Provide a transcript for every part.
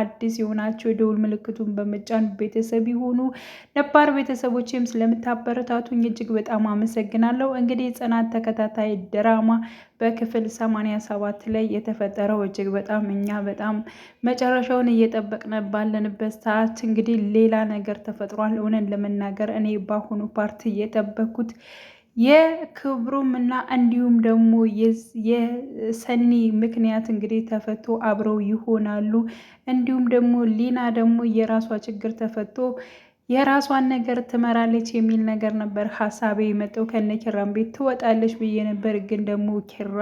አዲስ የሆናቸው የደውል ምልክቱን በመጫን ቤተሰብ የሆኑ ነባር ቤተሰቦችም ስለምታበረታቱኝ እጅግ በጣም አመሰግናለሁ። እንግዲህ ጽናት ተከታታይ ድራማ በክፍል 87 ላይ የተፈጠረው እጅግ በጣም እኛ በጣም መጨረሻውን እየጠበቅን ባለንበት ሰዓት እንግዲህ ሌላ ነገር ተፈጥሯል። እውነን ለመናገር እኔ በአሁኑ ፓርት እየጠበኩት የክብሩም እና እንዲሁም ደግሞ የሰኒ ምክንያት እንግዲህ ተፈቶ አብረው ይሆናሉ። እንዲሁም ደግሞ ሊና ደግሞ የራሷ ችግር ተፈቶ የራሷን ነገር ትመራለች የሚል ነገር ነበር ሀሳቤ የመጣው። ከነ ኪራም ቤት ትወጣለች ብዬ ነበር፣ ግን ደግሞ ኪራ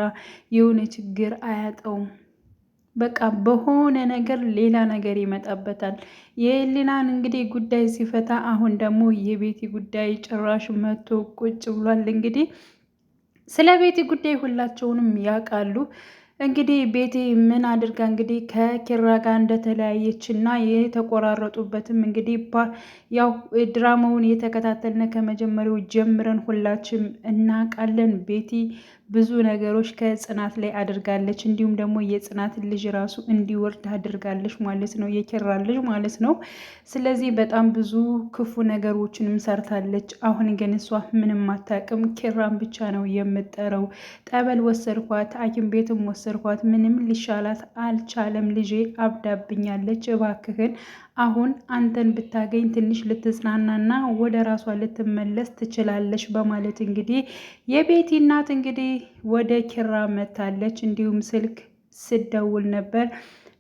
የሆነ ችግር አያጠውም በቃ በሆነ ነገር ሌላ ነገር ይመጣበታል። የህሊናን እንግዲህ ጉዳይ ሲፈታ አሁን ደግሞ የቤቲ ጉዳይ ጭራሽ መቶ ቁጭ ብሏል። እንግዲህ ስለ ቤቲ ጉዳይ ሁላቸውንም ያውቃሉ። እንግዲህ ቤቲ ምን አድርጋ እንግዲህ ከኪራ ጋር እንደተለያየች እና የተቆራረጡበትም እንግዲህ ያው ድራማውን የተከታተልን ከመጀመሪያው ጀምረን ሁላችንም እናውቃለን። ቤቲ ብዙ ነገሮች ከጽናት ላይ አድርጋለች። እንዲሁም ደግሞ የጽናት ልጅ ራሱ እንዲወርድ አድርጋለች ማለት ነው፣ የኪራን ልጅ ማለት ነው። ስለዚህ በጣም ብዙ ክፉ ነገሮችንም ሰርታለች። አሁን ግን እሷ ምንም አታውቅም፣ ኪራን ብቻ ነው የምጠረው። ጠበል ወሰድኳት፣ ሐኪም ቤትም ወሰድኳት፣ ምንም ሊሻላት አልቻለም። ልጄ አብዳብኛለች፣ እባክህን አሁን አንተን ብታገኝ ትንሽ ልትጽናናና ወደ ራሷ ልትመለስ ትችላለች በማለት እንግዲህ የቤቲ እናት እንግዲህ ወደ ኪራ መታለች። እንዲሁም ስልክ ስደውል ነበር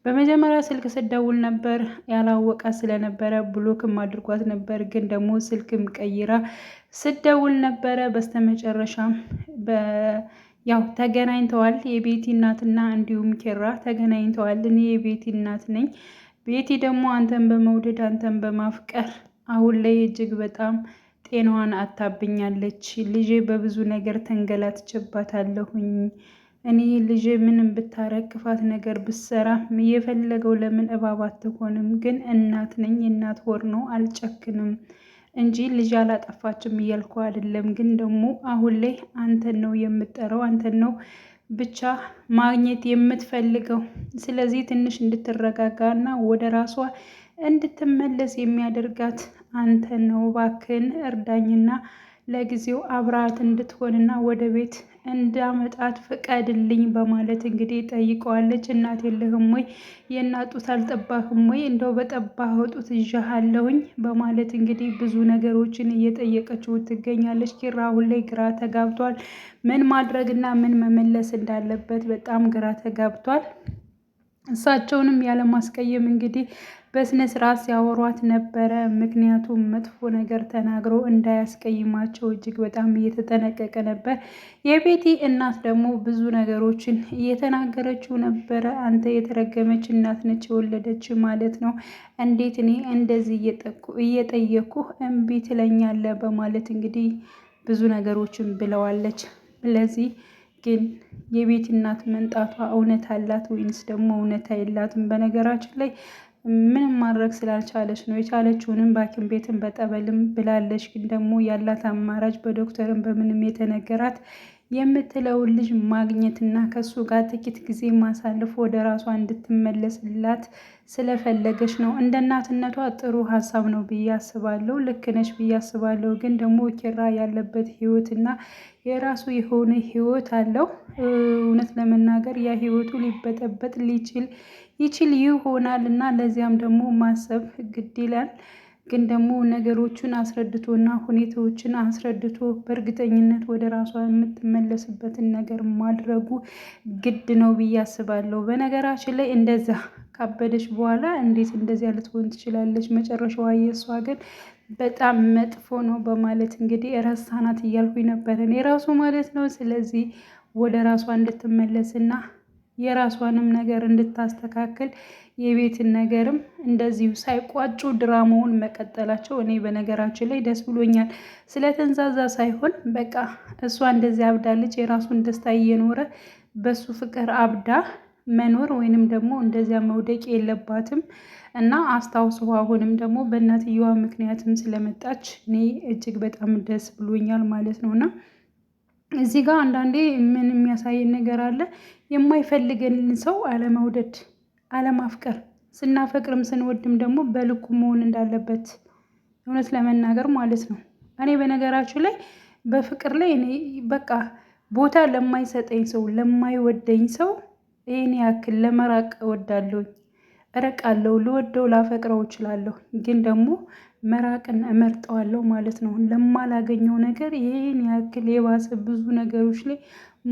በመጀመሪያ ስልክ ስደውል ነበር ያላወቃ ስለነበረ ብሎክም አድርጓት ነበር። ግን ደግሞ ስልክም ቀይራ ስደውል ነበረ። በስተመጨረሻም ያው ተገናኝተዋል። የቤቲ እናትና እንዲሁም ኪራ ተገናኝተዋል። እኔ የቤቲ እናት ነኝ ቤቲ ደግሞ አንተን በመውደድ አንተን በማፍቀር አሁን ላይ እጅግ በጣም ጤናዋን አታብኛለች። ልጄ በብዙ ነገር ተንገላትቼባታለሁኝ። እኔ ልጄ ምንም ብታረግ ክፋት ነገር ብሰራ የፈለገው ለምን እባብ አትሆንም፣ ግን እናት ነኝ እናት ሆር ነው አልጨክንም እንጂ ልጅ አላጠፋችም እያልኩ አይደለም። ግን ደግሞ አሁን ላይ አንተን ነው የምጠራው አንተን ነው ብቻ ማግኘት የምትፈልገው። ስለዚህ ትንሽ እንድትረጋጋ እና ወደ ራሷ እንድትመለስ የሚያደርጋት አንተ ነው። እባክህን እርዳኝና ለጊዜው አብራት እንድትሆንና ወደ ቤት እንዳመጣት ፍቀድልኝ በማለት እንግዲህ ጠይቀዋለች። እናት የለህም ወይ? የእናት ጡት አልጠባህም ወይ? እንደው በጠባህ ጡት ይዣሃለሁኝ በማለት እንግዲህ ብዙ ነገሮችን እየጠየቀችው ትገኛለች። ኪራ አሁን ላይ ግራ ተጋብቷል። ምን ማድረግና ምን መመለስ እንዳለበት በጣም ግራ ተጋብቷል። እሳቸውንም ያለማስቀየም እንግዲህ በስነ ስርዓት ሲያወሯት ነበረ። ምክንያቱም መጥፎ ነገር ተናግሮ እንዳያስቀይማቸው እጅግ በጣም እየተጠነቀቀ ነበር። የቤቲ እናት ደግሞ ብዙ ነገሮችን እየተናገረችው ነበረ። አንተ የተረገመች እናት ነች የወለደች ማለት ነው። እንዴት እኔ እንደዚህ እየጠየኩ እምቢ ትለኛለ? በማለት እንግዲህ ብዙ ነገሮችን ብለዋለች። ስለዚህ ግን የቤት እናት መንጣቷ እውነት አላት ወይንስ ደግሞ እውነት አይላትም? በነገራችን ላይ ምንም ማድረግ ስላልቻለች ነው። የቻለችውንም በሐኪም ቤትም በጠበልም ብላለች። ግን ደግሞ ያላት አማራጭ በዶክተርም በምንም የተነገራት የምትለውን ልጅ ማግኘትና ከሱ ጋር ጥቂት ጊዜ ማሳለፍ ወደ ራሷ እንድትመለስላት ስለፈለገች ነው። እንደ እናትነቷ ጥሩ ሀሳብ ነው ብዬ አስባለሁ። ልክ ነች ብዬ አስባለሁ። ግን ደግሞ ኪራ ያለበት እና የራሱ የሆነ ህይወት አለው። እውነት ለመናገር ያ ህይወቱ ሊበጠበጥ ሊችል ይችል ይሆናል እና ለዚያም ደግሞ ማሰብ ግድ ይላል። ግን ደግሞ ነገሮቹን አስረድቶና ሁኔታዎችን አስረድቶ በእርግጠኝነት ወደ ራሷ የምትመለስበትን ነገር ማድረጉ ግድ ነው ብዬ አስባለሁ። በነገራችን ላይ እንደዛ ካበደች በኋላ እንዴት እንደዚያ ልትሆን ትችላለች? መጨረሻዋ የእሷ ግን በጣም መጥፎ ነው በማለት እንግዲህ ረሳናት እያልኩኝ ነበረን የራሱ ማለት ነው። ስለዚህ ወደ ራሷ እንድትመለስና የራሷንም ነገር እንድታስተካክል የቤትን ነገርም እንደዚሁ ሳይቋጩ ድራማውን መቀጠላቸው እኔ በነገራችን ላይ ደስ ብሎኛል። ስለ ተንዛዛ ሳይሆን በቃ እሷ እንደዚህ አብዳለች፣ የራሱን ደስታ እየኖረ በሱ ፍቅር አብዳ መኖር ወይንም ደግሞ እንደዚያ መውደቅ የለባትም እና አስታውሶ አሁንም ደግሞ በእናትየዋ ምክንያትም ስለመጣች እኔ እጅግ በጣም ደስ ብሎኛል ማለት ነው እና እዚህ ጋር አንዳንዴ ምን የሚያሳየን ነገር አለ? የማይፈልገንን ሰው አለመውደድ፣ አለማፍቀር፣ ስናፈቅርም ስንወድም ደግሞ በልኩ መሆን እንዳለበት እውነት ለመናገር ማለት ነው። እኔ በነገራችሁ ላይ በፍቅር ላይ እኔ በቃ ቦታ ለማይሰጠኝ ሰው፣ ለማይወደኝ ሰው ይህን ያክል ለመራቅ እወዳለሁኝ፣ እርቃለሁ፣ ልወደው ላፈቅረው እችላለሁ ግን ደግሞ መራቅን እመርጠዋለሁ ማለት ነው። ለማላገኘው ነገር ይህን ያክል የባሰ ብዙ ነገሮች ላይ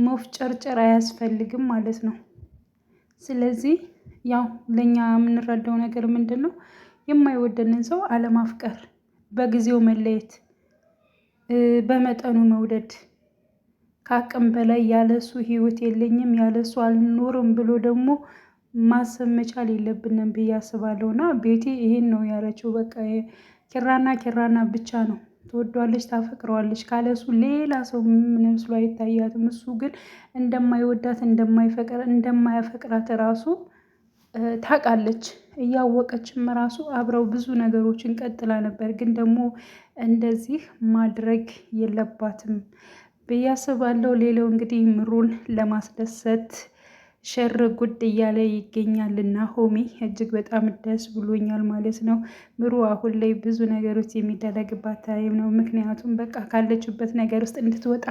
መፍጨርጨር አያስፈልግም ማለት ነው። ስለዚህ ያው ለእኛ የምንረዳው ነገር ምንድን ነው? የማይወደንን ሰው አለማፍቀር፣ በጊዜው መለየት፣ በመጠኑ መውደድ፣ ከአቅም በላይ ያለሱ ህይወት የለኝም ያለሱ አልኖርም ብሎ ደግሞ ማሰብ መቻል የለብንም ብዬ አስባለሁ። እና ቤቴ ይሄን ነው ያለችው በቃ ኪራና ኪራና ብቻ ነው። ትወዷለች፣ ታፈቅረዋለች። ካለሱ ሌላ ሰው ምንም ስሎ አይታያትም። እሱ ግን እንደማይወዳት እንደማይፈቅር እንደማያፈቅራት ራሱ ታውቃለች። እያወቀችም ራሱ አብረው ብዙ ነገሮችን ቀጥላ ነበር። ግን ደግሞ እንደዚህ ማድረግ የለባትም ብዬ አስባለሁ። ሌላው እንግዲህ ምሩን ለማስደሰት ሸር ጉድ እያለ ይገኛል እና ሆሜ እጅግ በጣም ደስ ብሎኛል ማለት ነው። ምሩ አሁን ላይ ብዙ ነገሮች የሚደረግባት ታይም ነው። ምክንያቱም በቃ ካለችበት ነገር ውስጥ እንድትወጣ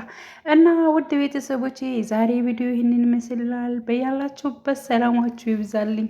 እና ውድ ቤተሰቦች የዛሬ ቪዲዮ ይህንን ይመስላል። በያላችሁበት ሰላማችሁ ይብዛልኝ።